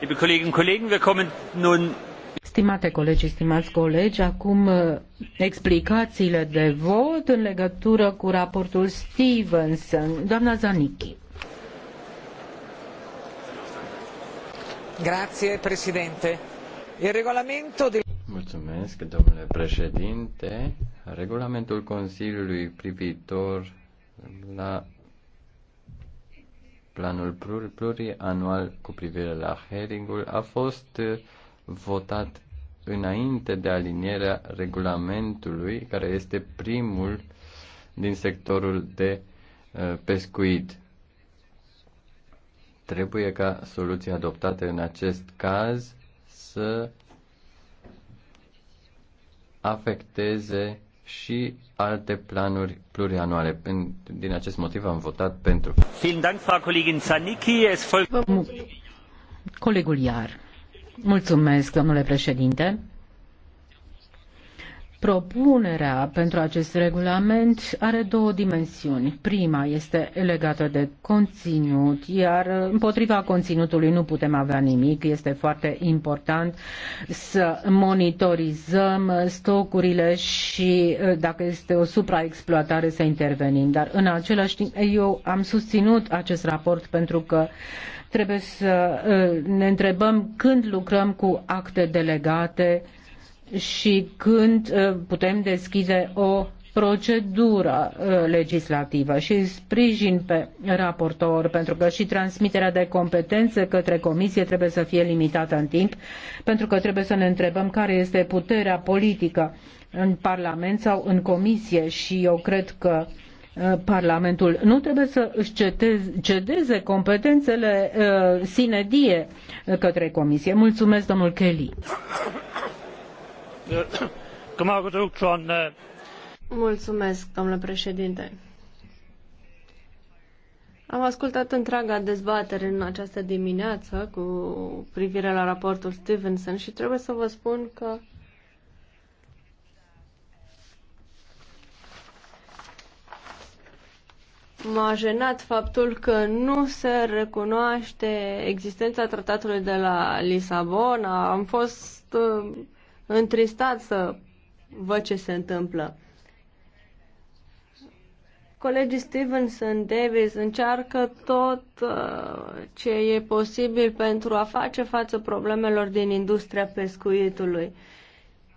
Liebe Kolleginnen und Kollegen, wir kommen nun Stimate colegi, stimați colegi, acum uh, explicațiile de vot în legătură cu raportul Stevenson. Doamna Zanichi. Grazie, președinte. Il regolamento di... Mulțumesc, domnule președinte. Regulamentul Consiliului privitor la Planul plurianual cu privire la heringul a fost uh, votat înainte de alinierea regulamentului, care este primul din sectorul de uh, pescuit. Trebuie ca soluții adoptate în acest caz să afecteze și alte planuri plurianuale. Din acest motiv am votat pentru. colegul Iar. Mulțumesc, domnule președinte. Propunerea pentru acest regulament are două dimensiuni. Prima este legată de conținut, iar împotriva conținutului nu putem avea nimic. Este foarte important să monitorizăm stocurile și uh, dacă este o supraexploatare să intervenim. Dar în același timp eu am susținut acest raport pentru că trebuie să uh, ne întrebăm când lucrăm cu acte delegate și când uh, putem deschide o procedură uh, legislativă și sprijin pe raportor, pentru că și transmiterea de competențe către comisie trebuie să fie limitată în timp, pentru că trebuie să ne întrebăm care este puterea politică în Parlament sau în comisie și eu cred că uh, Parlamentul nu trebuie să își cedeze competențele sine die către comisie. Mulțumesc, domnul Kelly. Uh, Mulțumesc, domnule președinte. Am ascultat întreaga dezbatere în această dimineață cu privire la raportul Stevenson și trebuie să vă spun că m-a jenat faptul că nu se recunoaște existența tratatului de la Lisabona. Am fost uh, întristat să văd ce se întâmplă. Colegii Stevenson, Davis încearcă tot uh, ce e posibil pentru a face față problemelor din industria pescuitului.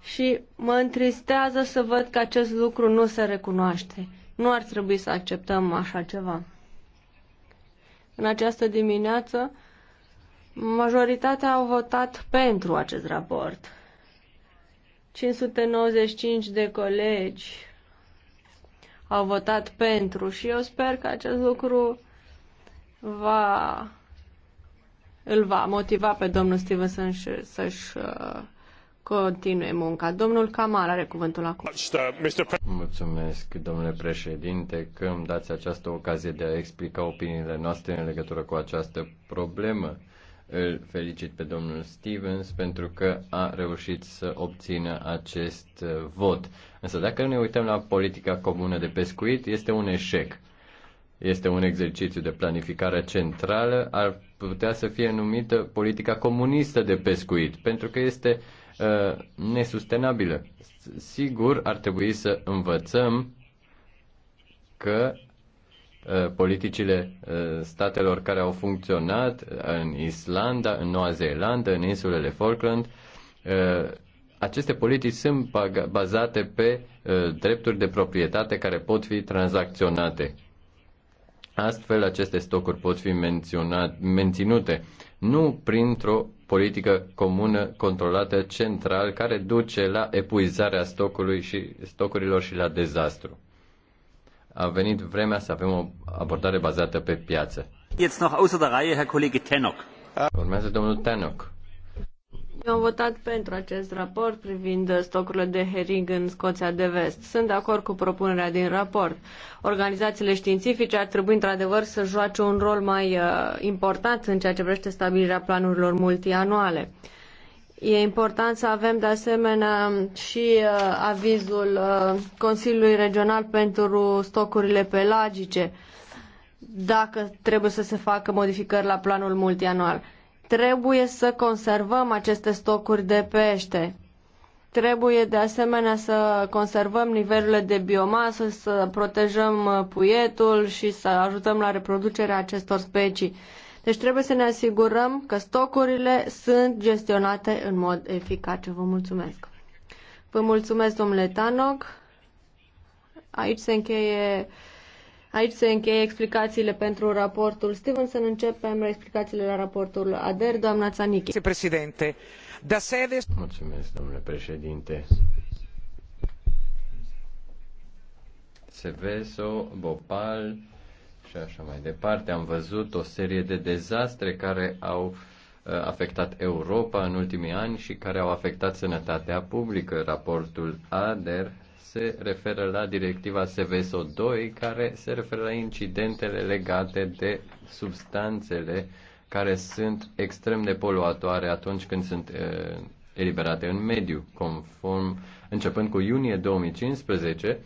Și mă întristează să văd că acest lucru nu se recunoaște. Nu ar trebui să acceptăm așa ceva. În această dimineață, majoritatea au votat pentru acest raport. 595 de colegi au votat pentru și eu sper că acest lucru va îl va motiva pe domnul Stevenson să-și uh, continue munca. Domnul Kamal are cuvântul acum. Mulțumesc, domnule președinte, că îmi dați această ocazie de a explica opiniile noastre în legătură cu această problemă. Îl felicit pe domnul Stevens pentru că a reușit să obțină acest uh, vot. Însă dacă ne uităm la politica comună de pescuit, este un eșec. Este un exercițiu de planificare centrală, ar putea să fie numită politica comunistă de pescuit, pentru că este uh, nesustenabilă. Sigur, ar trebui să învățăm că Uh, politicile uh, statelor care au funcționat uh, în Islanda, în Noua Zeelandă, în insulele Falkland. Aceste politici sunt bazate pe drepturi de proprietate care pot fi tranzacționate. Astfel, aceste stocuri pot fi menținute, nu printr-o politică comună controlată central care duce la epuizarea stocului și, stocurilor și la dezastru a venit vremea să avem o abordare bazată pe piață. Jetzt noch außer der Reihe, Herr Kollege Tenok. Urmează domnul Tenok. Eu am votat pentru acest raport privind stocurile de hering în Scoția de Vest. Sunt de acord cu propunerea din raport. Organizațiile științifice ar trebui într-adevăr să joace un rol mai uh, important în ceea ce privește stabilirea planurilor multianuale. Uh, E important să avem de asemenea și uh, avizul uh, Consiliului Regional pentru stocurile pelagice, dacă trebuie să se facă modificări la planul multianual. Trebuie să conservăm aceste stocuri de pește. Trebuie de asemenea să conservăm nivelurile de biomasă, să protejăm uh, puietul și să ajutăm la reproducerea acestor specii. Deci trebuie să ne asigurăm că stocurile sunt gestionate în mod eficace. Vă mulțumesc! Vă mulțumesc, domnule Tanog. Aici se încheie Aici se încheie explicațiile pentru raportul Steven, să Începem explicațiile la raportul ADER. Doamna Țanichi. Președinte, da Mulțumesc, domnule președinte. Seveso, Bopal și așa mai departe. Am văzut o serie de dezastre care au uh, afectat Europa în ultimii ani și care au afectat sănătatea publică. Raportul ADER se referă la directiva SVSO2 care se referă la incidentele legate de substanțele care sunt extrem de poluatoare atunci când sunt uh, eliberate în mediu, conform începând cu iunie 2015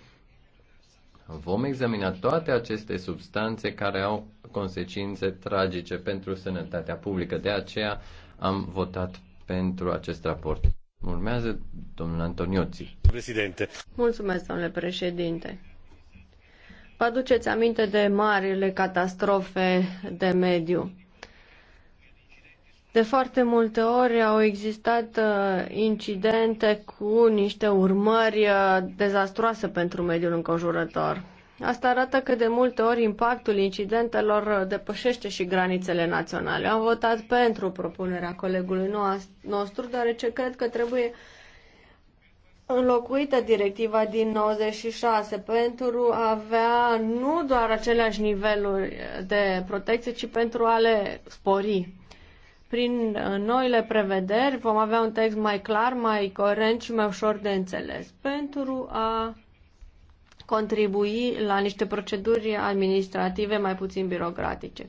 Vom examina toate aceste substanțe care au consecințe tragice pentru sănătatea publică. De aceea am votat pentru acest raport. Urmează domnul Antonioții. Președinte. Mulțumesc, domnule președinte. Vă aduceți aminte de marile catastrofe de mediu de foarte multe ori au existat uh, incidente cu niște urmări uh, dezastroase pentru mediul înconjurător. Asta arată că de multe ori impactul incidentelor uh, depășește și granițele naționale. Am votat pentru propunerea colegului nostru, deoarece cred că trebuie înlocuită directiva din 96 pentru a avea nu doar aceleași niveluri de protecție, ci pentru a le spori prin uh, noile prevederi vom avea un text mai clar, mai coerent și mai ușor de înțeles pentru a contribui la niște proceduri administrative mai puțin birocratice.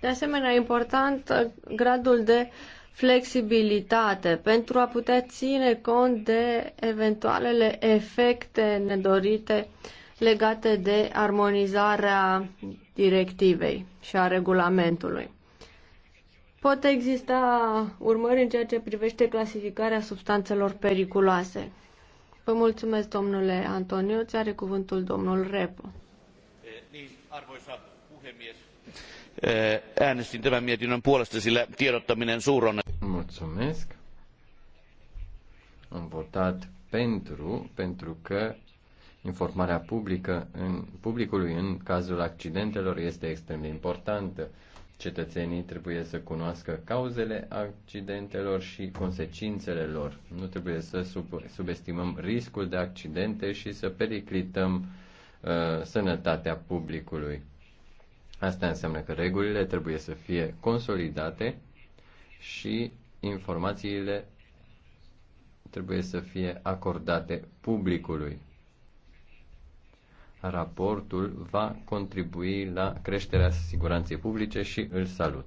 De asemenea, important uh, gradul de flexibilitate pentru a putea ține cont de eventualele efecte nedorite legate de armonizarea directivei și a regulamentului pot exista urmări în ceea ce privește clasificarea substanțelor periculoase. Vă mulțumesc, domnule Antonio. Ți are cuvântul domnul Repo. Eh, arvoisa puhemies, eh, äänestin tämän mietinnön puolesta, sillä tiedottaminen suuron... Mulțumesc. Am votat pentru, pentru că informarea publică în, publicului în cazul accidentelor este extrem de importantă. Cetățenii trebuie să cunoască cauzele accidentelor și consecințele lor. Nu trebuie să sub, subestimăm riscul de accidente și să periclităm uh, sănătatea publicului. Asta înseamnă că regulile trebuie să fie consolidate și informațiile trebuie să fie acordate publicului. Raportul va contribui la creșterea siguranței publice și îl salut.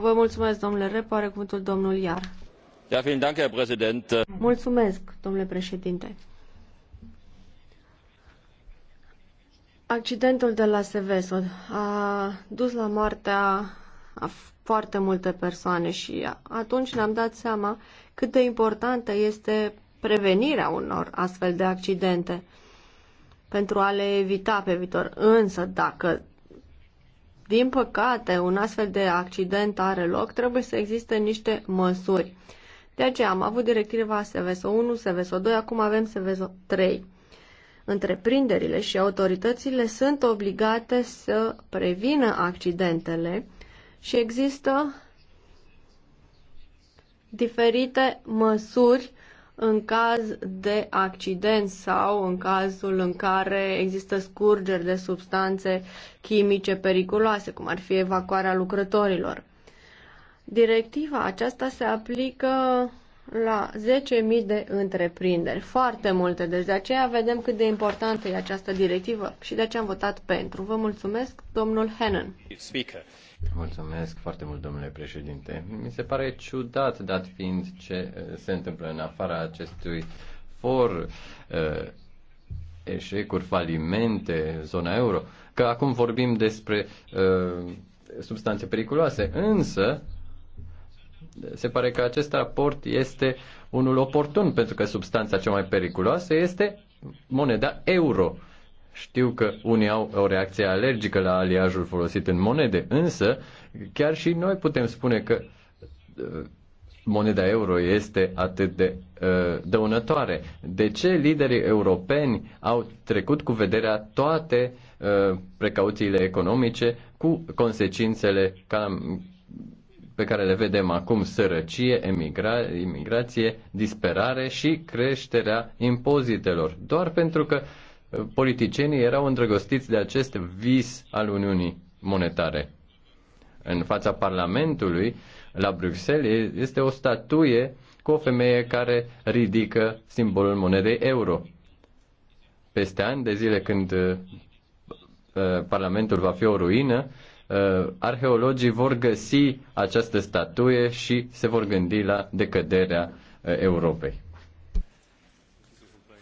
Vă mulțumesc, domnule Repo. Are cuvântul domnul Iar. Mulțumesc, domnule președinte. Accidentul de la Seveso a dus la moartea a foarte multe persoane și atunci ne-am dat seama cât de importantă este prevenirea unor astfel de accidente pentru a le evita pe viitor. Însă, dacă din păcate un astfel de accident are loc, trebuie să existe niște măsuri. De aceea am avut directiva SVSO 1, SVSO 2, acum avem SVSO 3. Întreprinderile și autoritățile sunt obligate să prevină accidentele și există diferite măsuri în caz de accident sau în cazul în care există scurgeri de substanțe chimice periculoase, cum ar fi evacuarea lucrătorilor. Directiva aceasta se aplică la 10.000 de întreprinderi, foarte multe, deci de aceea vedem cât de importantă e această directivă și de ce am votat pentru. Vă mulțumesc, domnul Hennen. Mulțumesc foarte mult, domnule președinte. Mi se pare ciudat, dat fiind ce eh, se întâmplă în afara acestui for eh, eșecuri, falimente, zona euro, că acum vorbim despre uh, substanțe periculoase, însă se pare că acest raport este unul oportun, pentru că substanța cea mai periculoasă este moneda euro. Uh, știu că unii au o reacție alergică la aliajul folosit în monede, însă chiar și noi putem spune că uh, moneda euro este atât de uh, dăunătoare. De ce liderii europeni au trecut cu vederea toate uh, precauțiile economice cu consecințele ca, pe care le vedem acum, sărăcie, emigra, imigrație, disperare și creșterea impozitelor? Doar pentru că uh, politicienii erau îndrăgostiți de acest vis al Uniunii Monetare. În fața Parlamentului, la Bruxelles, este o statuie cu o femeie care ridică simbolul monedei euro. Peste ani de zile când uh, Parlamentul va fi o ruină, uh, arheologii vor găsi această statuie și se vor gândi la decăderea uh, Europei.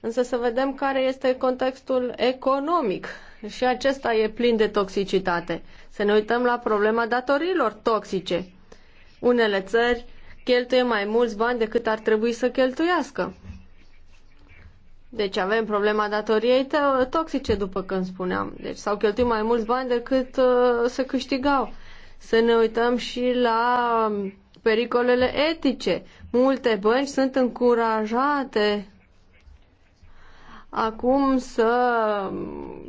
Însă să vedem care este contextul economic. Și acesta e plin de toxicitate. Să ne uităm la problema datorilor toxice. Unele țări cheltuie mai mulți bani decât ar trebui să cheltuiască. Deci avem problema datoriei toxice, după când spuneam. Deci s-au cheltuit mai mulți bani decât uh, să câștigau. Să ne uităm și la um, pericolele etice. Multe bănci sunt încurajate acum să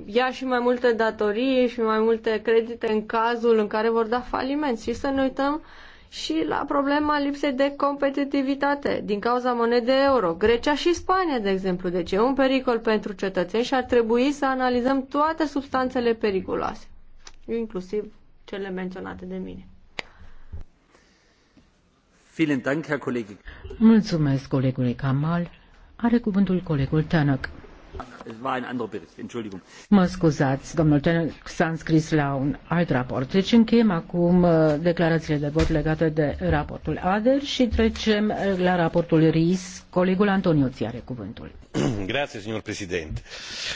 ia și mai multe datorii și mai multe credite în cazul în care vor da faliment și să ne uităm și la problema lipsei de competitivitate din cauza monedei euro. Grecia și Spania, de exemplu, deci e un pericol pentru cetățeni și ar trebui să analizăm toate substanțele periculoase, inclusiv cele menționate de mine. Mulțumesc colegului Kamal. Are cuvântul colegul Tanak. Mă scuzați, domnul Tenec s-a înscris la un alt raport. Deci încheiem acum uh, declarațiile de vot legate de raportul ADER și trecem la raportul RIS. Colegul Antonio ți are cuvântul. Grazie, signor Presidente.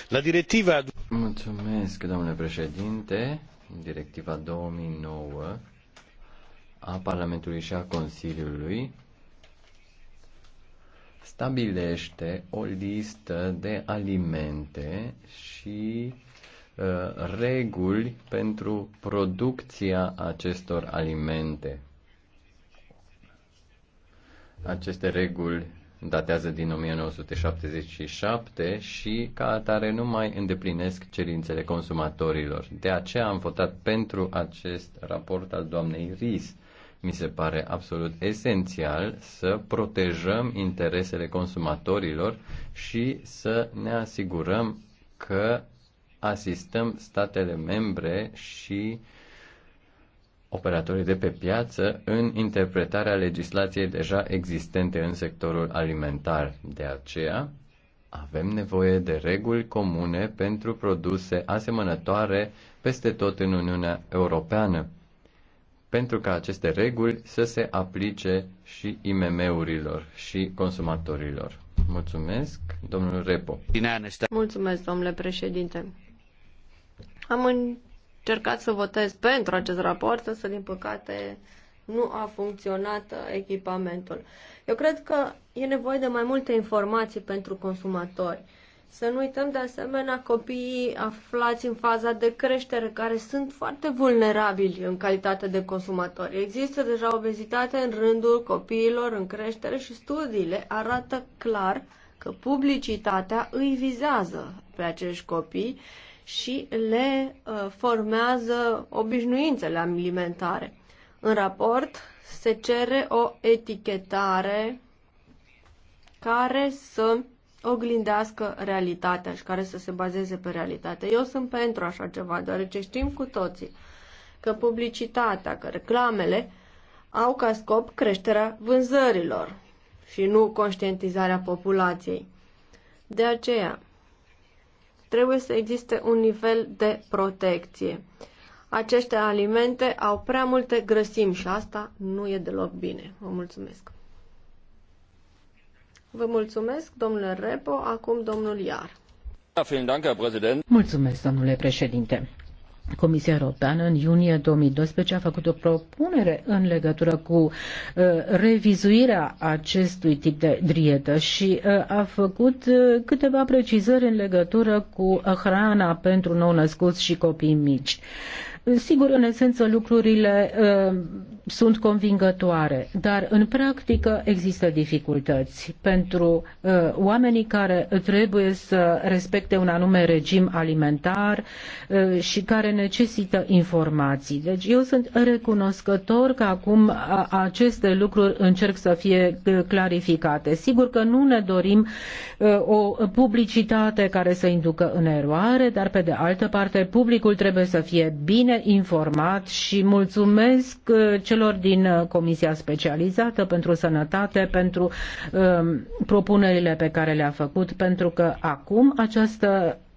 La directiva... Mulțumesc, domnule președinte. Directiva 2009 a Parlamentului și a Consiliului stabilește o listă de alimente și uh, reguli pentru producția acestor alimente. Aceste reguli datează din 1977 și ca atare nu mai îndeplinesc cerințele consumatorilor. De aceea am votat pentru acest raport al doamnei Ries mi se pare absolut esențial să protejăm interesele consumatorilor și să ne asigurăm că asistăm statele membre și operatorii de pe piață în interpretarea legislației deja existente în sectorul alimentar. De aceea, avem nevoie de reguli comune pentru produse asemănătoare peste tot în Uniunea Europeană pentru ca aceste reguli să se aplice și IMM-urilor și consumatorilor. Mulțumesc, domnul Repo. Mulțumesc, domnule președinte. Am încercat să votez pentru acest raport, însă, din păcate, nu a funcționat echipamentul. Eu cred că e nevoie de mai multe informații pentru consumatori. Să nu uităm de asemenea copiii aflați în faza de creștere, care sunt foarte vulnerabili în calitate de consumatori. Există deja obezitate în rândul copiilor în creștere și studiile arată clar că publicitatea îi vizează pe acești copii și le uh, formează obișnuințele alimentare. În raport se cere o etichetare care să oglindească realitatea și care să se bazeze pe realitate. Eu sunt pentru așa ceva, deoarece știm cu toții că publicitatea, că reclamele au ca scop creșterea vânzărilor și nu conștientizarea populației. De aceea, trebuie să existe un nivel de protecție. Aceste alimente au prea multe grăsimi și asta nu e deloc bine. Vă mulțumesc! Vă mulțumesc, domnule Repo. Acum domnul Iar. Da, mulțumesc, domnule președinte. Comisia Europeană în iunie 2012 a făcut o propunere în legătură cu uh, revizuirea acestui tip de dietă și uh, a făcut uh, câteva precizări în legătură cu uh, hrana pentru nou-născuți și copii mici. Uh, Sigur, în esență, lucrurile uh, sunt convingătoare, dar în practică există dificultăți pentru uh, oamenii care trebuie să respecte un anume regim alimentar uh, și care necesită informații. Deci eu sunt recunoscător că acum aceste lucruri încerc să fie uh, clarificate. Sigur că nu ne dorim uh, o publicitate care să inducă în eroare, dar pe de altă parte publicul trebuie să fie bine bine informat și mulțumesc uh, celor din uh, Comisia Specializată pentru Sănătate pentru um, propunerile pe care le-a făcut, pentru că acum această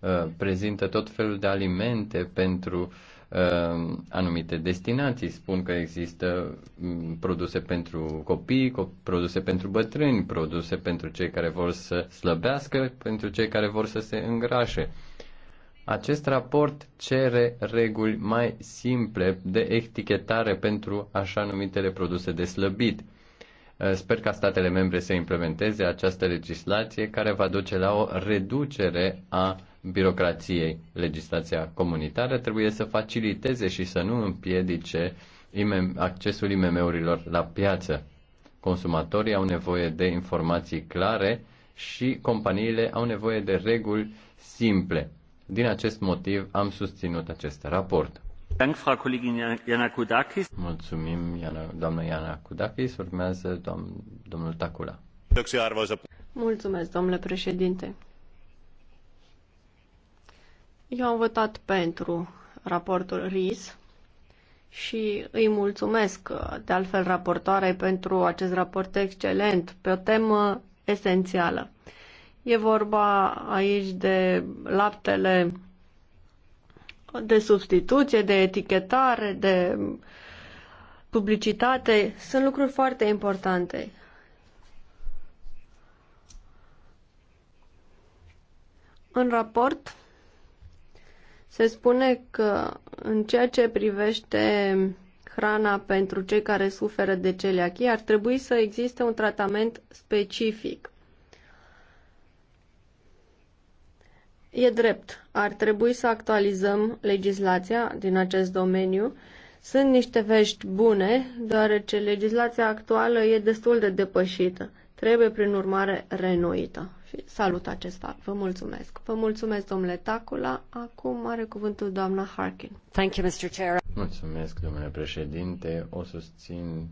Uh, prezintă tot felul de alimente pentru uh, anumite destinații. Spun că există mm, produse pentru copii, produse pentru bătrâni, produse pentru cei care vor să slăbească, pentru cei care vor să se îngrașe. Acest raport cere reguli mai simple de etichetare pentru așa numitele produse de slăbit. Uh, sper ca statele membre să implementeze această legislație care va duce la o reducere a birocrației. Legislația comunitară trebuie să faciliteze și să nu împiedice accesul IMM-urilor la piață. Consumatorii au nevoie de informații clare și companiile au nevoie de reguli simple. Din acest motiv am susținut acest raport. Mulțumim, Iana, doamna Iana Kudakis. Urmează doam, domnul Tacula. Mulțumesc, domnule președinte. Eu am votat pentru raportul RIS și îi mulțumesc de altfel raportoarei pentru acest raport excelent pe o temă esențială. E vorba aici de laptele de substituție, de etichetare, de publicitate. Sunt lucruri foarte importante. În raport se spune că în ceea ce privește hrana pentru cei care suferă de celiachie, ar trebui să existe un tratament specific. E drept, ar trebui să actualizăm legislația din acest domeniu. Sunt niște vești bune, deoarece legislația actuală e destul de depășită. Trebuie, prin urmare, renoită și salut acest fapt. Vă mulțumesc. Vă mulțumesc, domnule Tacula. Acum are cuvântul doamna Harkin. Thank you, Mr. Chair. Mulțumesc, domnule președinte. O susțin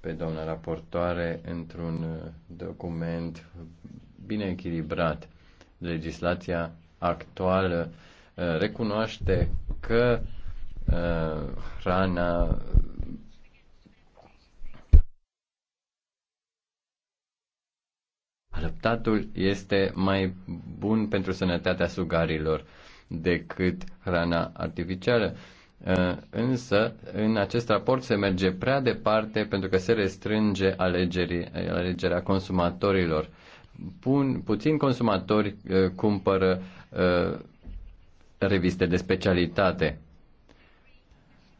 pe doamna raportoare într-un uh, document bine echilibrat. Legislația actuală uh, recunoaște că uh, hrana Lăptatul este mai bun pentru sănătatea sugarilor decât hrana artificială. Uh, însă, în acest raport se merge prea departe pentru că se restrânge alegerii, alegerea consumatorilor. Pun, puțin consumatori uh, cumpără uh, reviste de specialitate.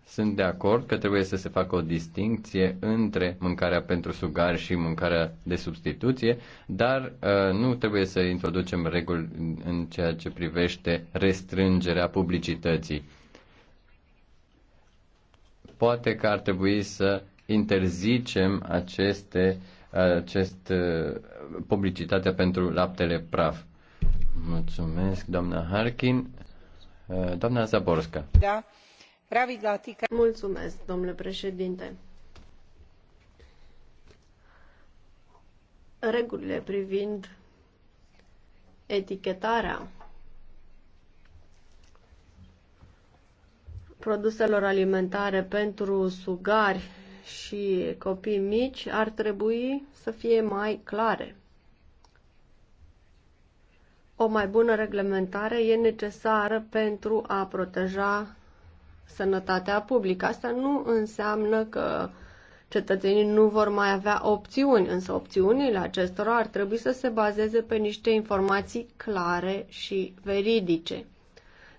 Sunt de acord că trebuie să se facă o distinție între mâncarea pentru sugar și mâncarea de substituție, dar uh, nu trebuie să introducem reguli în ceea ce privește restrângerea publicității. Poate că ar trebui să interzicem aceste, uh, acest, uh, publicitatea pentru laptele praf. Mulțumesc, doamna Harkin. Uh, doamna Zaborska. Da. Mulțumesc, domnule președinte. Regulile privind etichetarea produselor alimentare pentru sugari și copii mici ar trebui să fie mai clare. O mai bună reglementare e necesară pentru a proteja sănătatea publică. Asta nu înseamnă că cetățenii nu vor mai avea opțiuni, însă opțiunile acestora ar trebui să se bazeze pe niște informații clare și veridice.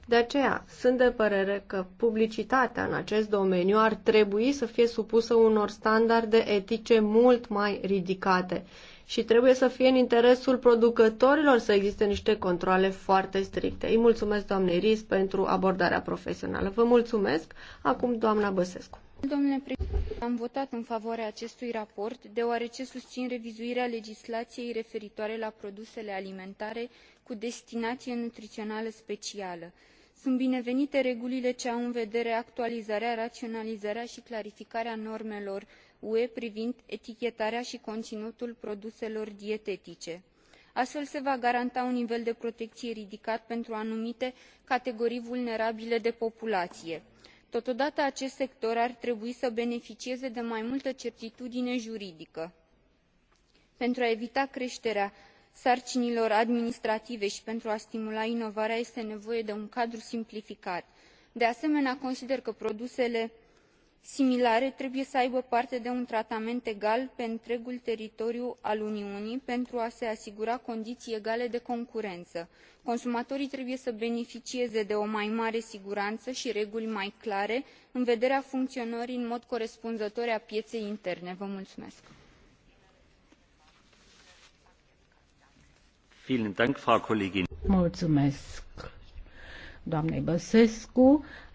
De aceea, sunt de părere că publicitatea în acest domeniu ar trebui să fie supusă unor standarde etice mult mai ridicate și trebuie să fie în interesul producătorilor să existe niște controle foarte stricte. Îi mulțumesc doamne Iris, pentru abordarea profesională. Vă mulțumesc. Acum doamna Băsescu. Domnule președinte, am votat în favoarea acestui raport deoarece susțin revizuirea legislației referitoare la produsele alimentare cu destinație nutrițională specială sunt binevenite regulile ce au în vedere actualizarea raționalizarea și clarificarea normelor ue privind etichetarea i coninutul produselor dietetice. astfel se va garanta un nivel de protecie ridicat pentru anumite categorii vulnerabile de populaie. totodată acest sector ar trebui să beneficieze de mai multă certitudine juridică. pentru a evita creterea sarcinilor administrative i pentru a stimula inovarea este nevoie de un cadru simplificat. de asemenea consider că produsele similare trebuie să aibă parte de un tratament egal pe întregul teritoriu al uniunii pentru a se asigura condiii egale de concurenă. consumatorii trebuie să beneficieze de o mai mare sigurană i reguli mai clare în vederea funcionării în mod corespunzător a pieei interne. Mulțumesc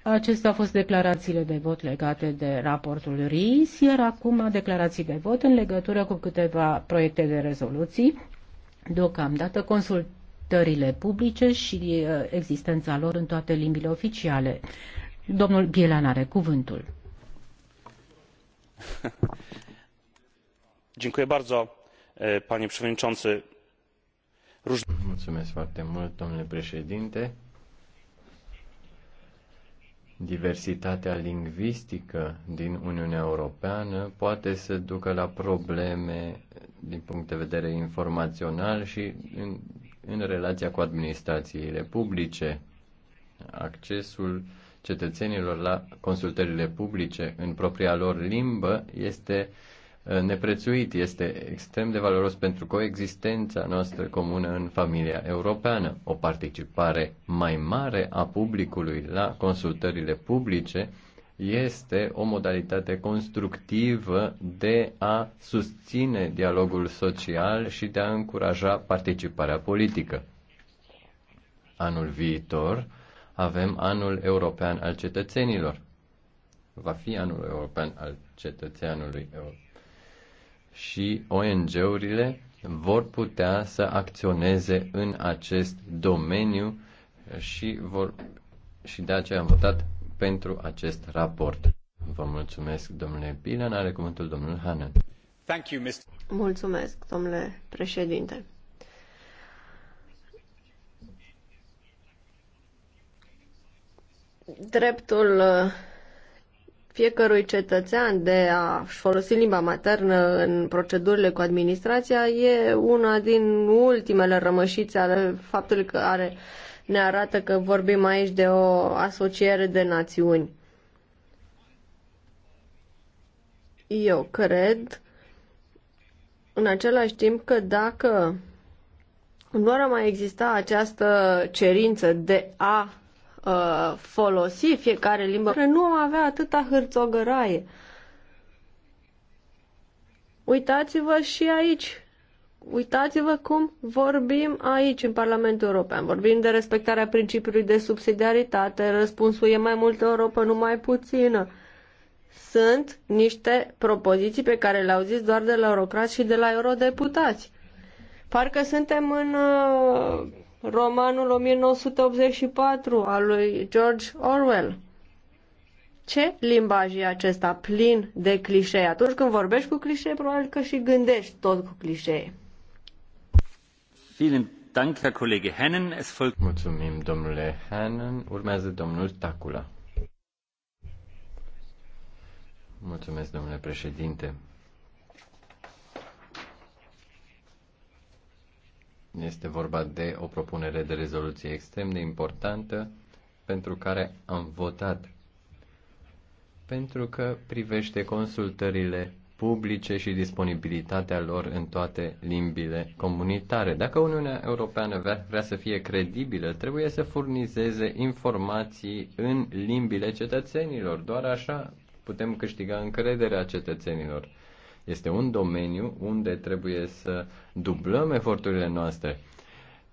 Acestea au fost declarațiile de vot legate de raportul RIS, iar acum declarații de vot în legătură cu câteva proiecte de rezoluții, deocamdată consultările publice și uh, existența lor în toate limbile oficiale. Domnul Bielan are cuvântul. Dziękuję bardzo, panie przewodniczący. Mulțumesc foarte mult, domnule președinte diversitatea lingvistică din Uniunea Europeană poate să ducă la probleme din punct de vedere informațional și în, în relația cu administrațiile publice. Accesul cetățenilor la consultările publice în propria lor limbă este uh, Uh, neprețuit, este extrem de valoros pentru coexistența noastră comună în familia europeană. O participare mai mare a publicului la consultările publice este o modalitate constructivă de a susține dialogul social și de a încuraja participarea politică. Anul viitor avem anul european al cetățenilor. Va fi anul european al cetățeanului european și ONG-urile vor putea să acționeze în acest domeniu și, vor, și de aceea am votat pentru acest raport. Vă mulțumesc, domnule Bilan. Are cuvântul domnul Hanan. Thank you, Mr. Mulțumesc, domnule președinte. Dreptul fiecărui cetățean de a-și folosi limba maternă în procedurile cu administrația e una din ultimele rămășițe ale faptului că are, ne arată că vorbim aici de o asociere de națiuni. Eu cred, în același timp, că dacă nu ar mai exista această cerință de a Uh, folosi fiecare limbă, nu am avea atâta hârțogăraie. Uitați-vă și aici. Uitați-vă cum vorbim aici, în Parlamentul European. Vorbim de respectarea principiului de subsidiaritate, răspunsul e mai multă Europa, nu mai puțină. Sunt niște propoziții pe care le auziți doar de la eurocrați și de la eurodeputați. Parcă suntem în uh, romanul 1984 al lui George Orwell. Ce limbaj e acesta plin de clișee? Atunci când vorbești cu clișee, probabil că și gândești tot cu clișee. Mulțumim, domnule Hannan. Urmează domnul Tacula. Mulțumesc, domnule președinte. Este vorba de o propunere de rezoluție extrem de importantă pentru care am votat. Pentru că privește consultările publice și disponibilitatea lor în toate limbile comunitare. Dacă Uniunea Europeană vrea, vrea să fie credibilă, trebuie să furnizeze informații în limbile cetățenilor. Doar așa putem câștiga încrederea cetățenilor. Este un domeniu unde trebuie să dublăm eforturile noastre.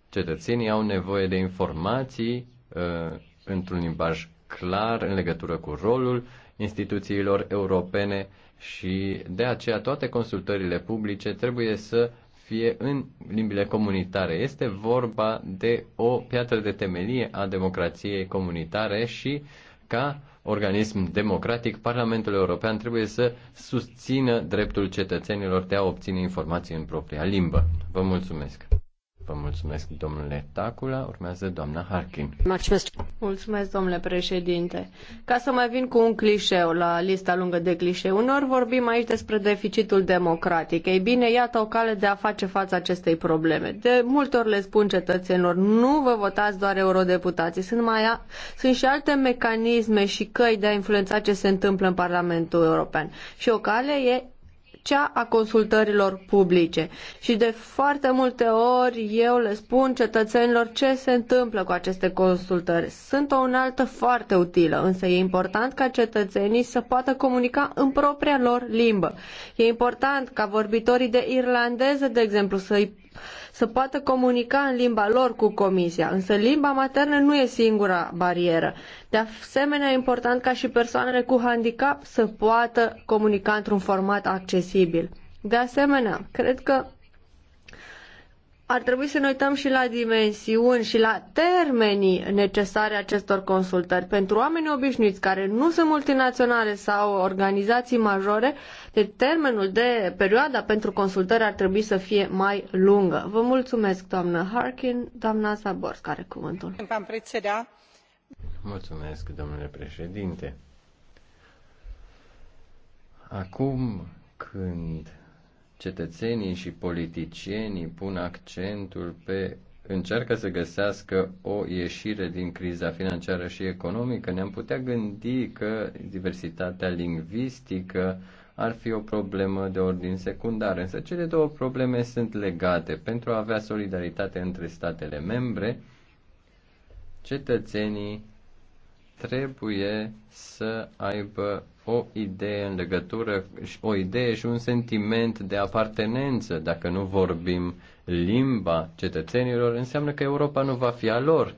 Cetățenii au nevoie de informații uh, într-un limbaj clar în legătură cu rolul instituțiilor europene și de aceea toate consultările publice trebuie să fie în limbile comunitare. Este vorba de o piatră de temelie a democrației comunitare și uh, ca organism democratic, Parlamentul European trebuie să susțină dreptul cetățenilor de a obține informații în propria limbă. Vă mulțumesc! Vă mulțumesc, domnule Tacula. Urmează doamna Harkin. Mulțumesc. Mulțumesc, domnule președinte. Ca să mai vin cu un clișeu la lista lungă de clișeu, unor vorbim aici despre deficitul democratic. Ei bine, iată o cale de a face față acestei probleme. De multe ori le spun cetățenilor, nu vă votați doar eurodeputații, sunt, mai a... sunt și alte mecanisme și căi de a influența ce se întâmplă în Parlamentul European. Și o cale e cea a consultărilor publice. Și de foarte multe ori eu le spun cetățenilor ce se întâmplă cu aceste consultări. Sunt o unealtă foarte utilă, însă e important ca cetățenii să poată comunica în propria lor limbă. E important ca vorbitorii de irlandeză, de exemplu, să-i să poată comunica în limba lor cu comisia, însă limba maternă nu e singura barieră. De asemenea, e important ca și persoanele cu handicap să poată comunica într-un format accesibil. De asemenea, cred că ar trebui să ne uităm și la dimensiuni și la termenii necesare acestor consultări. Pentru oamenii obișnuiți care nu sunt multinaționale sau organizații majore, de termenul de perioada pentru consultări ar trebui să fie mai lungă. Vă mulțumesc, doamnă Harkin. Doamna Saborsk are cuvântul. Mulțumesc, domnule președinte. Acum când cetățenii și politicienii pun accentul pe încearcă să găsească o ieșire din criza financiară și economică, ne-am putea gândi că diversitatea lingvistică ar fi o problemă de ordin secundar, însă cele două probleme sunt legate. Pentru a avea solidaritate între statele membre, cetățenii trebuie să aibă o idee în legătură, o idee și un sentiment de apartenență. Dacă nu vorbim limba cetățenilor, înseamnă că Europa nu va fi a lor.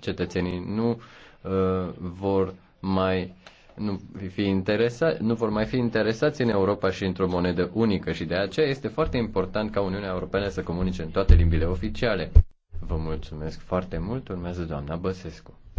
Cetățenii nu uh, vor mai nu, fi interesa, nu vor mai fi interesați în Europa și într-o monedă unică și de aceea este foarte important ca Uniunea Europeană să comunice în toate limbile oficiale. Vă mulțumesc foarte mult, urmează doamna Băsescu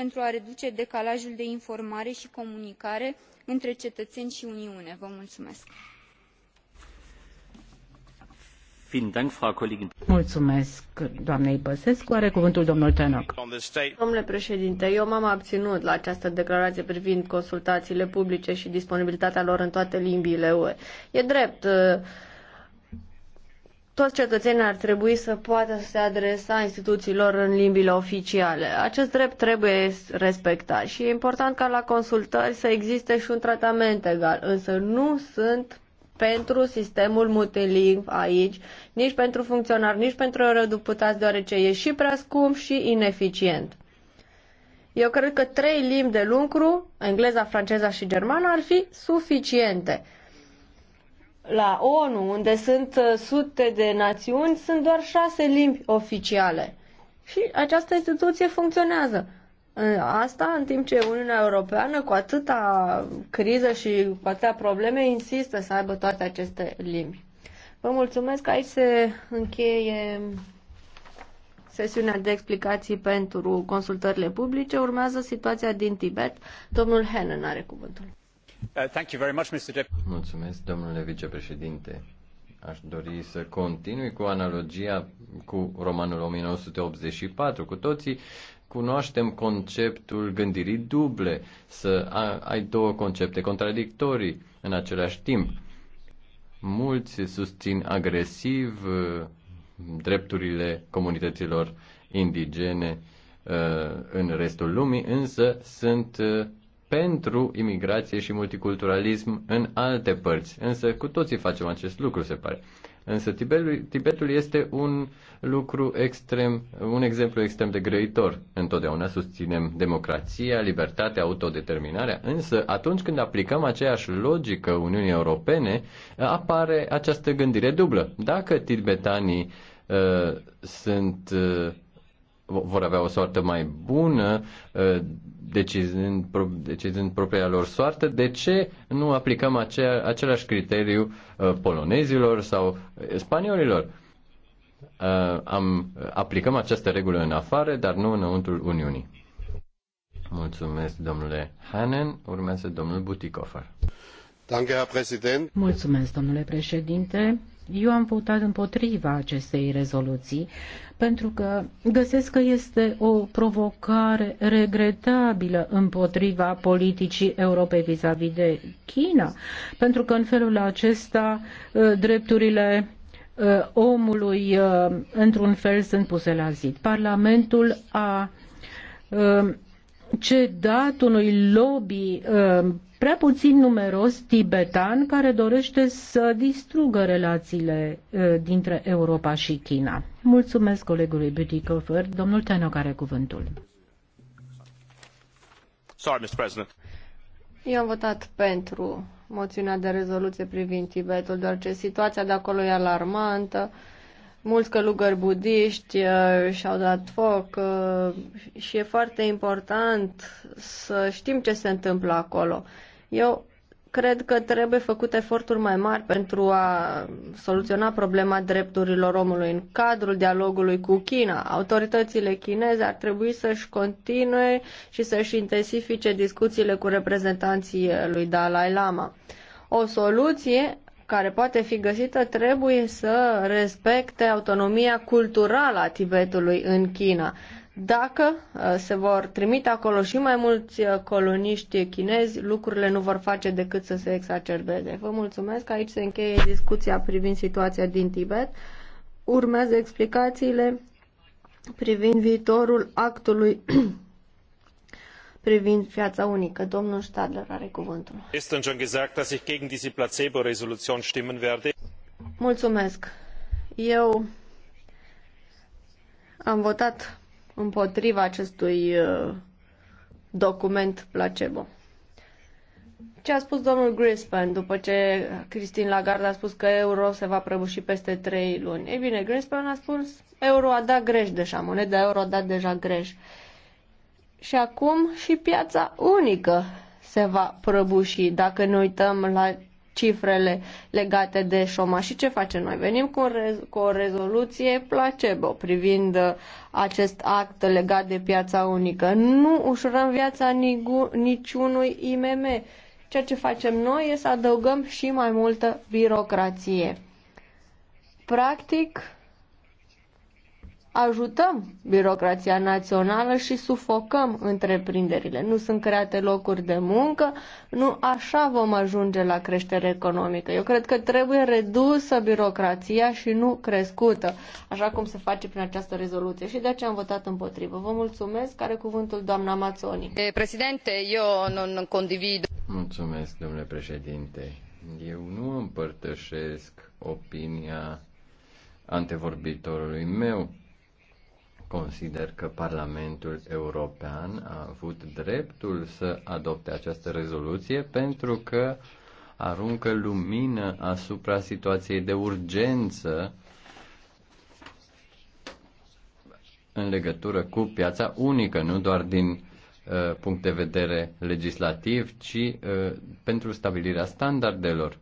pentru a reduce decalajul de informare i comunicare între cetăeni i uniune. Vă mulțumesc. Mulțumesc, Are cuvântul domnul Domnule președinte, eu m-am abinut la această declarație privind consultaiile publice și disponibilitatea lor în toate limbile UE. E drept, uh, toți cetățenii ar trebui să poată să se adresa instituțiilor în limbile oficiale. Acest drept trebuie respectat și e important ca la consultări să existe și un tratament egal, însă nu sunt pentru sistemul multilingv aici, nici pentru funcționari, nici pentru eurodeputați, deoarece e și prea scump și ineficient. Eu cred că trei limbi de lucru, engleza, franceza și germana, ar fi suficiente la ONU, unde sunt uh, sute de națiuni, sunt doar șase limbi oficiale. Și această instituție funcționează. Asta în timp ce Uniunea Europeană, cu atâta criză și cu atâtea probleme, insistă să aibă toate aceste limbi. Vă mulțumesc, aici se încheie sesiunea de explicații pentru consultările publice. Urmează situația din Tibet. Domnul Hennen are cuvântul. Uh, Mulțumesc, domnule vicepreședinte. Aș dori să continui cu analogia cu romanul 1984. Cu toții cunoaștem conceptul gândirii duble, să ai două concepte contradictorii în același timp. Mulți susțin agresiv uh, drepturile comunităților indigene uh, în restul lumii, însă sunt pentru imigrație și multiculturalism în alte părți. Însă cu toții facem acest lucru, se pare. Însă Tibetul este un lucru extrem, un exemplu extrem de grăitor. Întotdeauna susținem democrația, libertatea, autodeterminarea, însă atunci când aplicăm aceeași logică Uniunii Europene, apare această gândire dublă. Dacă tibetanii uh, sunt uh, vor avea o soartă mai bună uh, decizând, decizând propria lor soartă, de ce nu aplicăm acea, același criteriu uh, polonezilor sau spaniolilor? Uh, am, aplicăm această regulă în afară, dar nu înăuntru Uniunii. Mulțumesc, domnule Hanen. Urmează domnul Butikofer. Mulțumesc, domnule președinte. Eu am votat împotriva acestei rezoluții pentru că găsesc că este o provocare regretabilă împotriva politicii Europei vis-a-vis -vis de China, pentru că în felul acesta ă, drepturile ă, omului ă, într-un fel sunt puse la zid. Parlamentul a cedat unui lobby prea puțin numeros tibetan care dorește să distrugă relațiile dintre Europa și China. Mulțumesc colegului Bütikofer. Domnul Tenoc are cuvântul. Sorry, Mr. President. Eu am votat pentru moțiunea de rezoluție privind Tibetul, ce situația de acolo e alarmantă. Mulți călugări budiști uh, și-au dat foc uh, și e foarte important să știm ce se întâmplă acolo. Eu cred că trebuie făcut eforturi mai mari pentru a soluționa problema drepturilor omului. În cadrul dialogului cu China, autoritățile chineze ar trebui să-și continue și să-și intensifice discuțiile cu reprezentanții eh, lui Dalai Lama. O soluție care poate fi găsită trebuie să respecte autonomia culturală a Tibetului în China. Dacă uh, se vor trimite acolo și mai mulți uh, coloniști chinezi, lucrurile nu vor face decât să se exacerbeze. Vă mulțumesc. Aici se încheie discuția privind situația din Tibet. Urmează explicațiile privind viitorul actului privind piața unică. Domnul Stadler are cuvântul. Mulțumesc. Eu am votat împotriva acestui uh, document placebo. Ce a spus domnul Greenspan după ce Christine Lagarde a spus că euro se va prăbuși peste trei luni? Ei bine, Greenspan a spus euro a dat greș deja, moneda euro a dat deja greș. Și acum și piața unică se va prăbuși dacă ne uităm la cifrele legate de șoma Și ce facem noi? Venim cu, rez- cu o rezoluție placebo privind uh, acest act legat de piața unică. Nu ușurăm viața niciunui IMM. Ceea ce facem noi este să adăugăm și mai multă birocrație. Practic, ajutăm birocrația națională și sufocăm întreprinderile. Nu sunt create locuri de muncă, nu așa vom ajunge la creștere economică. Eu cred că trebuie redusă birocrația și nu crescută, așa cum se face prin această rezoluție și de aceea am votat împotrivă. Vă mulțumesc. Care cuvântul doamna Mazzoni? Eh, președinte, eu nu condivid. Mulțumesc, domnule președinte. Eu nu împărtășesc opinia antevorbitorului meu Consider că Parlamentul European a avut dreptul să adopte această rezoluție pentru că aruncă lumină asupra situației de urgență în legătură cu piața unică, nu doar din uh, punct de vedere legislativ, ci uh, pentru stabilirea standardelor.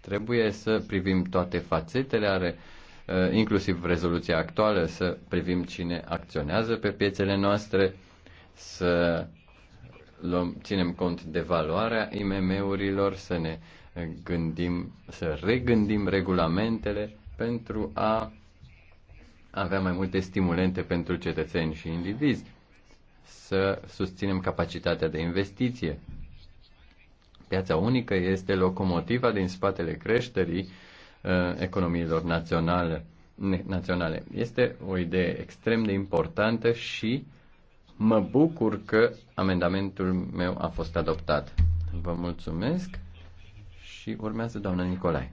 Trebuie să privim toate fațetele are. uh, Uh, inclusiv rezoluția actuală, să privim cine acționează pe piețele noastre, să luăm, ținem cont de valoarea IMM-urilor, să ne gândim, să regândim regulamentele pentru a avea mai multe stimulente pentru cetățeni și indivizi, să susținem capacitatea de investiție. Piața unică este locomotiva din spatele creșterii Uh, economiilor naționale. naționale. Este o idee extrem de importantă și mă bucur că amendamentul meu a fost adoptat. Vă mulțumesc și urmează doamna Nicolae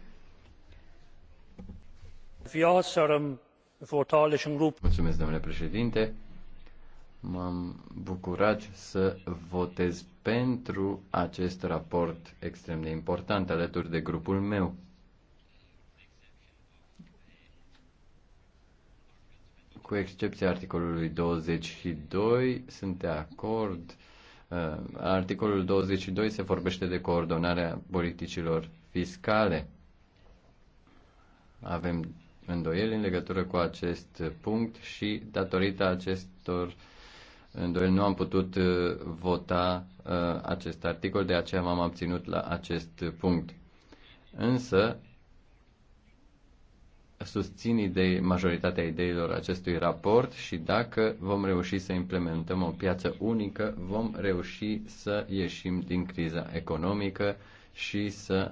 Um, domnule președinte. M-am bucurat să votez pentru acest raport extrem de important alături de grupul meu. Cu excepția articolului 22, sunt de acord. Uh, articolul 22 se vorbește de coordonarea politicilor fiscale. Avem îndoieli în legătură cu acest punct și datorită acestor îndoieli nu am putut uh, vota uh, acest articol, de aceea m-am abținut la acest punct. Însă, susțin idei, majoritatea ideilor acestui raport și dacă vom reuși să implementăm o piață unică, vom reuși să ieșim din criza economică și să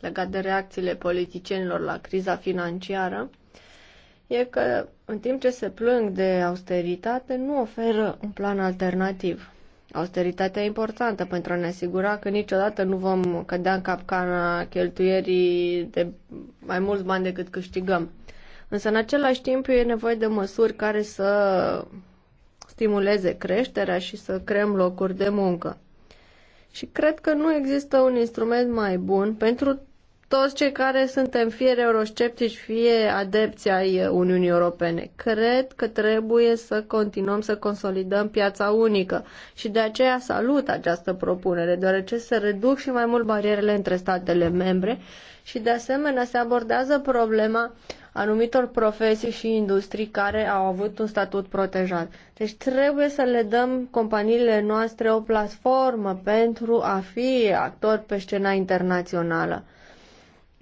legat de reacțiile politicienilor la criza financiară e că în timp ce se plâng de austeritate, nu oferă un plan alternativ. Austeritatea e importantă pentru a ne asigura că niciodată nu vom cădea în capcana cheltuierii de mai mulți bani decât câștigăm. Însă, în același timp, e nevoie de măsuri care să stimuleze creșterea și să creăm locuri de muncă. Și cred că nu există un instrument mai bun pentru toți cei care suntem fie eurosceptici, fie adepți ai Uniunii Europene. Cred că trebuie să continuăm să consolidăm piața unică și de aceea salut această propunere, deoarece se reduc și mai mult barierele între statele membre și de asemenea se abordează problema anumitor profesii și industrii care au avut un statut protejat. Deci trebuie să le dăm companiile noastre o platformă pentru a fi actori pe scena internațională.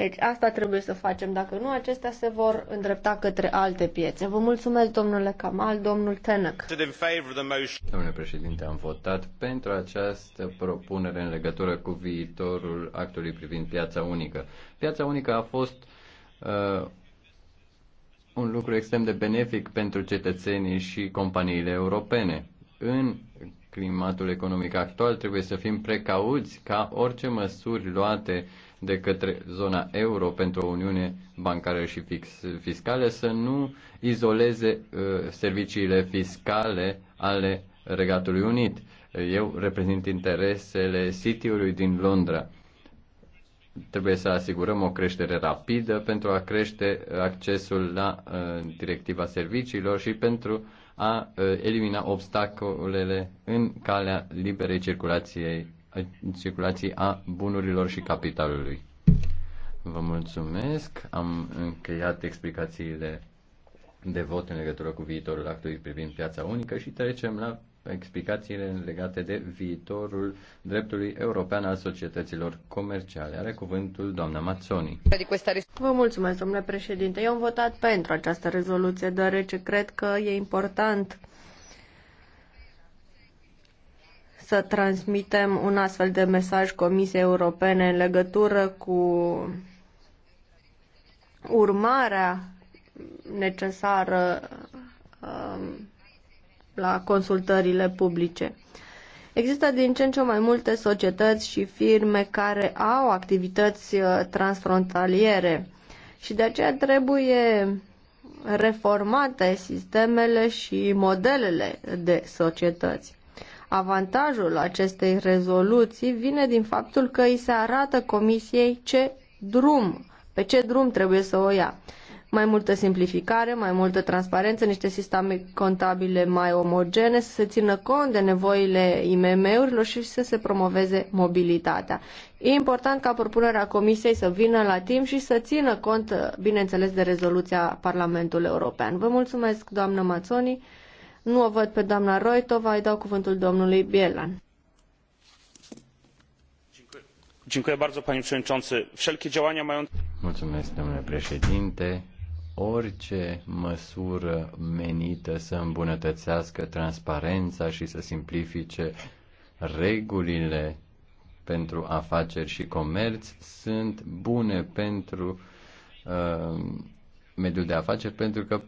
Deci asta trebuie să facem. Dacă nu, acestea se vor îndrepta către alte piețe. Vă mulțumesc, domnule Kamal, domnul Tenek. Domnule președinte, am votat pentru această propunere în legătură cu viitorul actului privind piața unică. Piața unică a fost uh, un lucru extrem de benefic pentru cetățenii și companiile europene. În climatul economic actual, trebuie să fim precauți ca orice măsuri luate de către zona euro pentru o uniune bancară și fix, fiscală să nu izoleze uh, serviciile fiscale ale Regatului Unit. Eu reprezint interesele City-ului din Londra. Trebuie să asigurăm o creștere rapidă pentru a crește accesul la uh, directiva serviciilor și pentru uh, a elimina obstacolele în calea liberei circulației, circulației a bunurilor și capitalului. Vă mulțumesc. Am încheiat explicațiile de vot în legătură cu viitorul actului privind piața unică și trecem la explicațiile legate de viitorul dreptului european al societăților comerciale. Are cuvântul doamna Mazzoni. Vă mulțumesc, domnule președinte. Eu am votat pentru această rezoluție, deoarece cred că e important să transmitem un astfel de mesaj Comisiei Europene în legătură cu urmarea necesară um, la consultările publice. Există din ce în ce mai multe societăți și firme care au activități uh, transfrontaliere și de aceea trebuie reformate sistemele și modelele de societăți. Avantajul acestei rezoluții vine din faptul că îi se arată comisiei ce drum, pe ce drum trebuie să o ia mai multă simplificare, mai multă transparență, niște sisteme contabile mai omogene, să se țină cont de nevoile IMM-urilor și să se promoveze mobilitatea. E important ca propunerea Comisiei să vină la timp și să țină cont, bineînțeles, de rezoluția Parlamentului European. Vă mulțumesc, doamnă Mazzoni. Nu o văd pe doamna Roitova, îi dau cuvântul domnului Bielan. Mulțumesc, domnule președinte orice măsură menită să îmbunătățească transparența și să simplifice regulile pentru afaceri și comerț sunt bune pentru uh, mediul de afaceri pentru că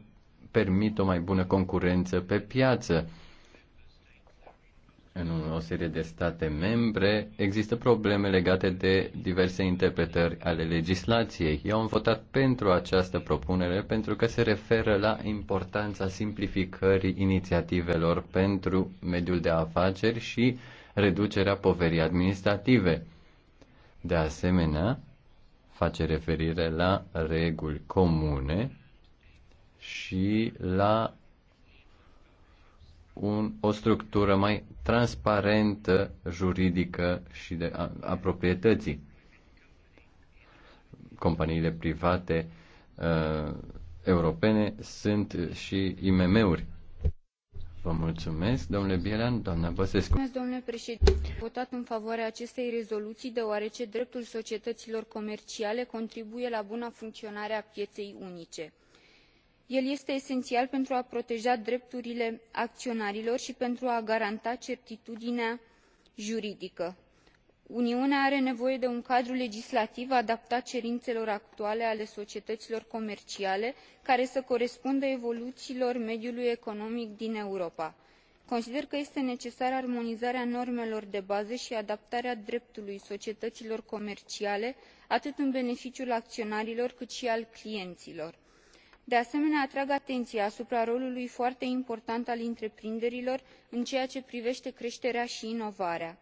permit o mai bună concurență pe piață în o serie de state membre există probleme legate de diverse interpretări ale legislației. Eu am votat pentru această propunere pentru că se referă la importanța simplificării inițiativelor pentru mediul de afaceri și reducerea poverii administrative. De asemenea, face referire la reguli comune și la un, o structură mai transparentă juridică și de a, a proprietății. Companiile private uh, europene sunt și IMM-uri. Vă mulțumesc, domnule Bielan, doamna Băsescu. Mulțumesc, domnule președinte. Votat în favoarea acestei rezoluții, deoarece dreptul societăților comerciale contribuie la buna funcționare a pieței unice el este esenial pentru a proteja drepturile acionarilor i pentru a garanta certitudinea juridică. uniunea are nevoie de un cadru legislativ adaptat cerinelor actuale ale societăilor comerciale care să corespundă evoluiilor mediului economic din europa. consider că este necesară armonizarea normelor de bază i adaptarea dreptului societăilor comerciale atât în beneficiul acionarilor cât i al clienilor de asemenea atrag atenia asupra rolului foarte important al întreprinderilor în ceea ce privete creterea i inovarea.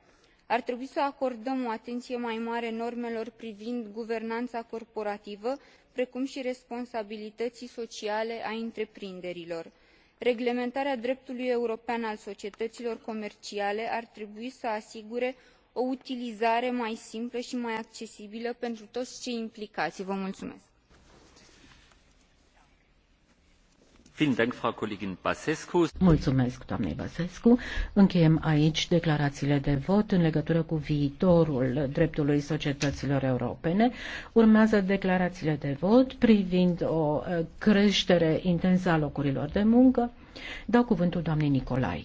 ar trebui să acordăm o atenie mai mare normelor privind guvernana corporativă precum i responsabilităii sociale a întreprinderilor. reglementarea dreptului european al societăilor comerciale ar trebui să asigure o utilizare mai simplă i mai accesibilă pentru toi cei implicai. Mulțumesc, doamnei Basescu. Încheiem aici declarațiile de vot în legătură cu viitorul dreptului societăților europene. Urmează declarațiile de vot privind o eh, creștere intensă a locurilor de muncă. Dau cuvântul doamnei Nicolai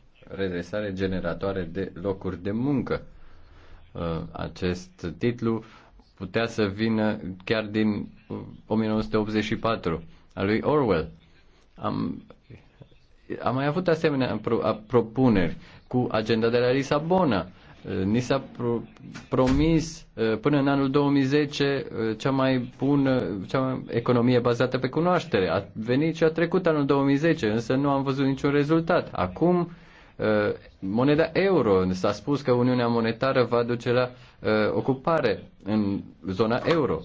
redresare generatoare de locuri de muncă. Uh, acest titlu putea să vină chiar din 1984, uh, a lui Orwell. Am, am mai avut asemenea propuneri cu agenda de la Lisabona. Uh, ni s-a pro, promis până în anul 2010 cea mai bună cea mai, economie bazată pe cunoaștere. A venit și a trecut anul 2010, însă nu am văzut niciun rezultat. Acum Uh, moneda euro. S-a spus că Uniunea Monetară va duce la uh, ocupare în zona euro.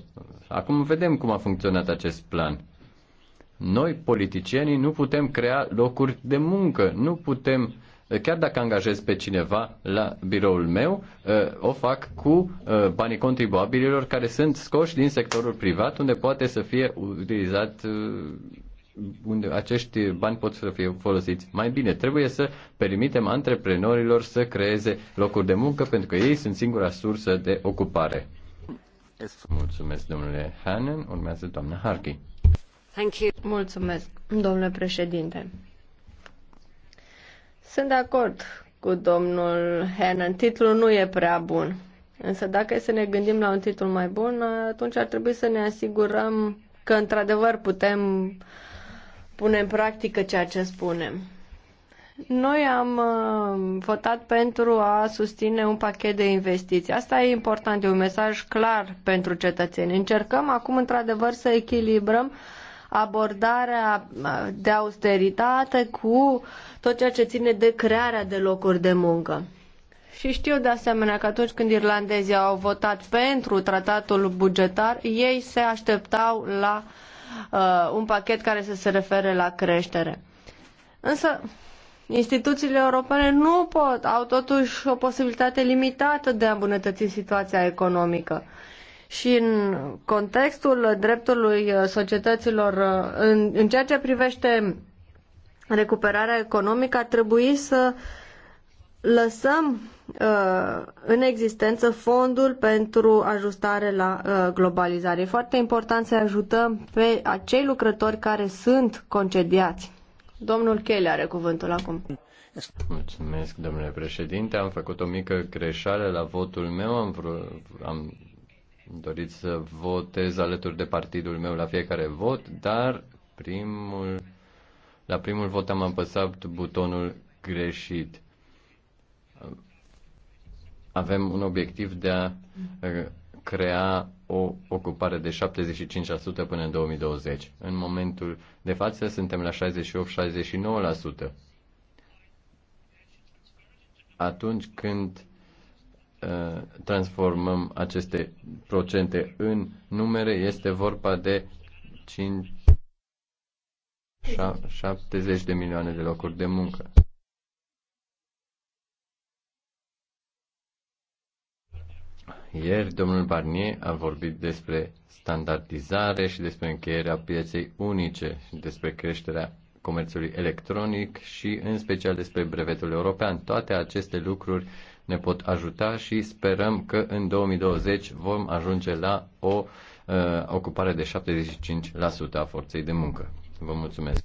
Acum vedem cum a funcționat acest plan. Noi, politicienii, nu putem crea locuri de muncă, nu putem, uh, chiar dacă angajez pe cineva la biroul meu, o fac cu banii contribuabililor care sunt scoși din sectorul privat, unde poate să fie utilizat unde acești bani pot să fie folosiți mai bine. Trebuie să permitem antreprenorilor să creeze locuri de muncă pentru că ei sunt singura sursă de ocupare. Mulțumesc, domnule Hannan. Urmează doamna Harkin. Thank you. Mulțumesc, domnule președinte. Sunt de acord cu domnul Hannan. Titlul nu e prea bun. Însă dacă e să ne gândim la un titlu mai bun, atunci ar trebui să ne asigurăm că într-adevăr putem uh, pune în practică ceea ce spunem. Noi am uh, votat pentru a susține un pachet de investiții. Asta e important, e un mesaj clar pentru cetățeni. Încercăm acum, într-adevăr, să echilibrăm abordarea uh, de austeritate cu tot ceea ce ține de crearea de locuri de muncă. Și știu de asemenea că atunci când irlandezii au votat pentru tratatul bugetar, ei se așteptau la uh, uh, un pachet care să se refere la creștere. Însă, instituțiile europene nu pot, au totuși o posibilitate limitată de a îmbunătăți situația economică. Și în contextul dreptului uh, societăților, uh, în, în ceea ce privește recuperarea economică, ar trebui să lăsăm Uh, în existență fondul pentru ajustare la uh, globalizare. E foarte important să ajutăm pe acei lucrători care sunt concediați. Domnul Kelly are cuvântul acum. Mulțumesc, domnule președinte. Am făcut o mică greșeală la votul meu. Am, vr- am dorit să votez alături de partidul meu la fiecare vot, dar primul, la primul vot am apăsat butonul greșit avem un obiectiv de a uh, crea o ocupare de 75% până în 2020. În momentul de față suntem la 68-69%. Atunci când uh, transformăm aceste procente în numere, este vorba de 5, 70 de milioane de locuri de muncă. Ieri, domnul Barnier a vorbit despre standardizare și despre încheierea pieței unice și despre creșterea comerțului electronic și în special despre brevetul european. Toate aceste lucruri ne pot ajuta și sperăm că în 2020 vom ajunge la o uh, ocupare de 75% a forței de muncă. Vă mulțumesc!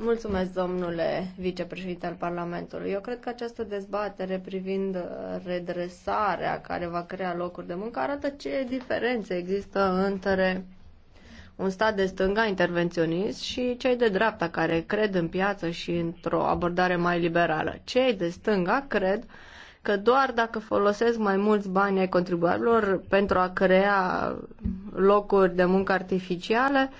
Mulțumesc, domnule vicepreședinte al Parlamentului. Eu cred că această dezbatere privind uh, redresarea care va crea locuri de muncă arată ce diferențe există între un stat de stânga intervenționist și cei de dreapta care cred în piață și într-o abordare mai liberală. Cei de stânga cred uh, că doar dacă folosesc mai mulți bani ai contribuabilor pentru a crea locuri de muncă artificiale,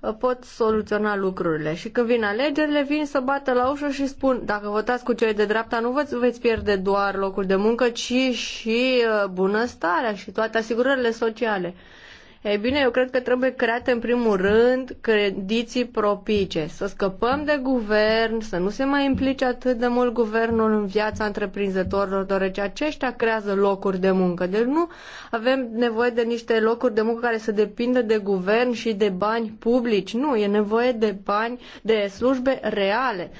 uh, pot soluționa lucrurile. Și când vin alegerile, vin să bată la ușă și spun, dacă votați cu cei de dreapta, nu vă veți pierde doar locul de muncă, ci și uh, bunăstarea și toate asigurările sociale. Ei bine, eu cred că trebuie create în primul rând condiții propice, să scăpăm de guvern, să nu se mai implice atât de mult guvernul în viața întreprinzătorilor, deoarece aceștia creează locuri de muncă. Deci nu avem nevoie de niște locuri de muncă care să depindă de guvern și de bani publici. Nu, e nevoie de bani, de slujbe reale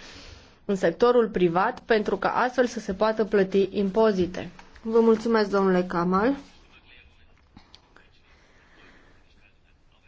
în sectorul privat pentru ca astfel să se poată plăti impozite. Vă mulțumesc, domnule Kamal.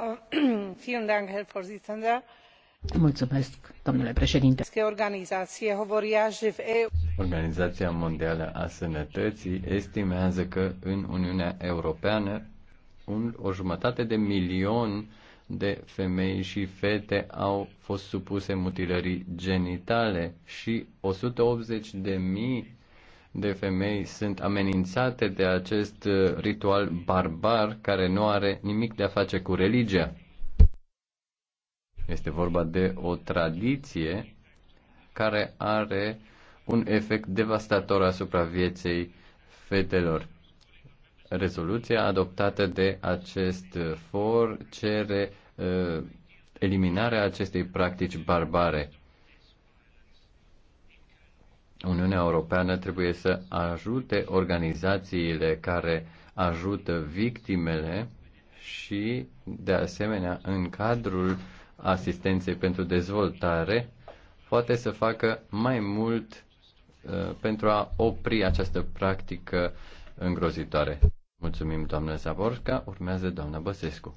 Mulțumesc, domnule președinte. Organizația Mondială a Sănătății estimează că în Uniunea Europeană un, o jumătate de milion de femei și fete au fost supuse mutilării genitale și 180 de mii de femei sunt amenințate de acest uh, ritual barbar care nu are nimic de a face cu religia. Este vorba de o tradiție care are un efect devastator asupra vieței fetelor. Rezoluția adoptată de acest uh, for cere uh, eliminarea acestei practici barbare. Uniunea Europeană trebuie să ajute organizațiile care ajută victimele și, de asemenea, în cadrul asistenței pentru dezvoltare, poate să facă mai mult uh, pentru a opri această practică îngrozitoare. Mulțumim, doamnă Zaborca. Urmează doamna Băsescu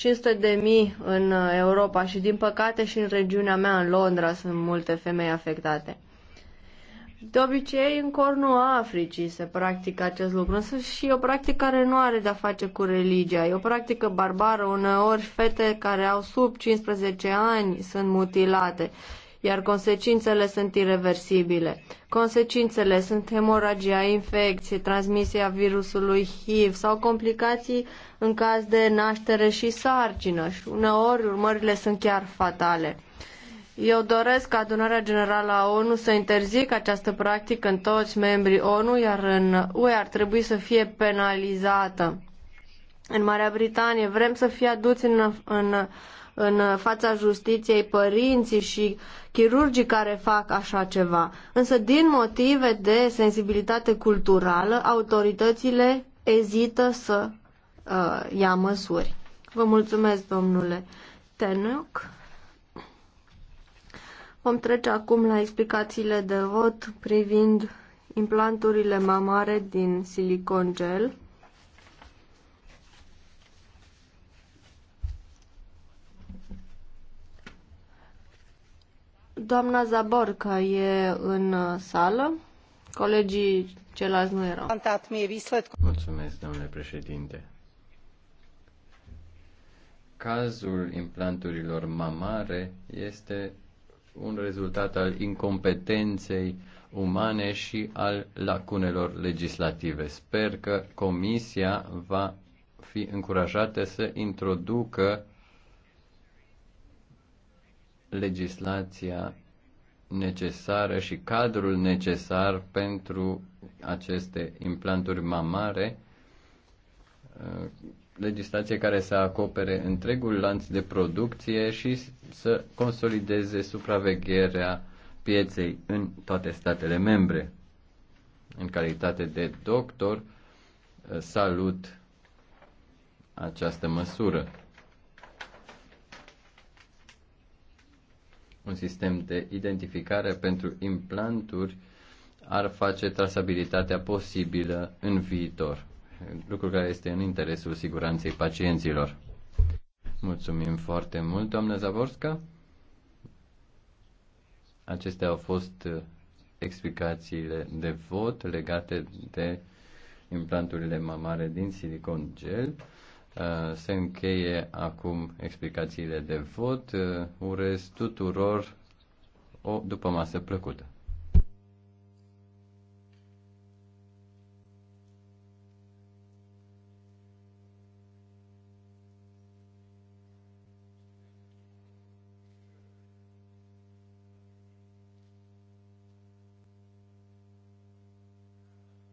sute de mii în Europa și din păcate și în regiunea mea, în Londra, sunt multe femei afectate. De obicei, în cornul Africii se practică acest lucru, însă și o practică care nu are de-a face cu religia. E o practică barbară, uneori fete care au sub 15 ani sunt mutilate iar consecințele sunt irreversibile. Consecințele sunt hemoragia, infecție, transmisia virusului HIV sau complicații în caz de naștere și sarcină și uneori urmările sunt chiar fatale. Eu doresc ca adunarea generală a ONU să interzică această practică în toți membrii ONU, iar în UE ar trebui să fie penalizată. În Marea Britanie vrem să fie aduți în, în în fața justiției părinții și chirurgii care fac așa ceva. Însă din motive de sensibilitate culturală, autoritățile ezită să uh, ia măsuri. Vă mulțumesc, domnule Tenoc. Vom trece acum la explicațiile de vot privind implanturile mamare din silicon gel. Doamna Zaborca e în sală. Colegii ceilalți nu erau. Mulțumesc, domnule președinte. Cazul implanturilor mamare este un rezultat al incompetenței umane și al lacunelor legislative. Sper că Comisia va fi încurajată să introducă legislația necesară și cadrul necesar pentru aceste implanturi mamare, uh, legislație care să acopere întregul lanț de producție și să consolideze supravegherea pieței în toate statele membre. În calitate de doctor, uh, salut această măsură. un sistem de identificare pentru implanturi ar face trasabilitatea posibilă în viitor, lucru care este în interesul siguranței pacienților. Mulțumim foarte mult, doamnă Zavorska. Acestea au fost uh, explicațiile de vot legate de implanturile mamare din silicon gel. Uh, se încheie acum explicațiile de vot. Uh, urez tuturor o după masă plăcută.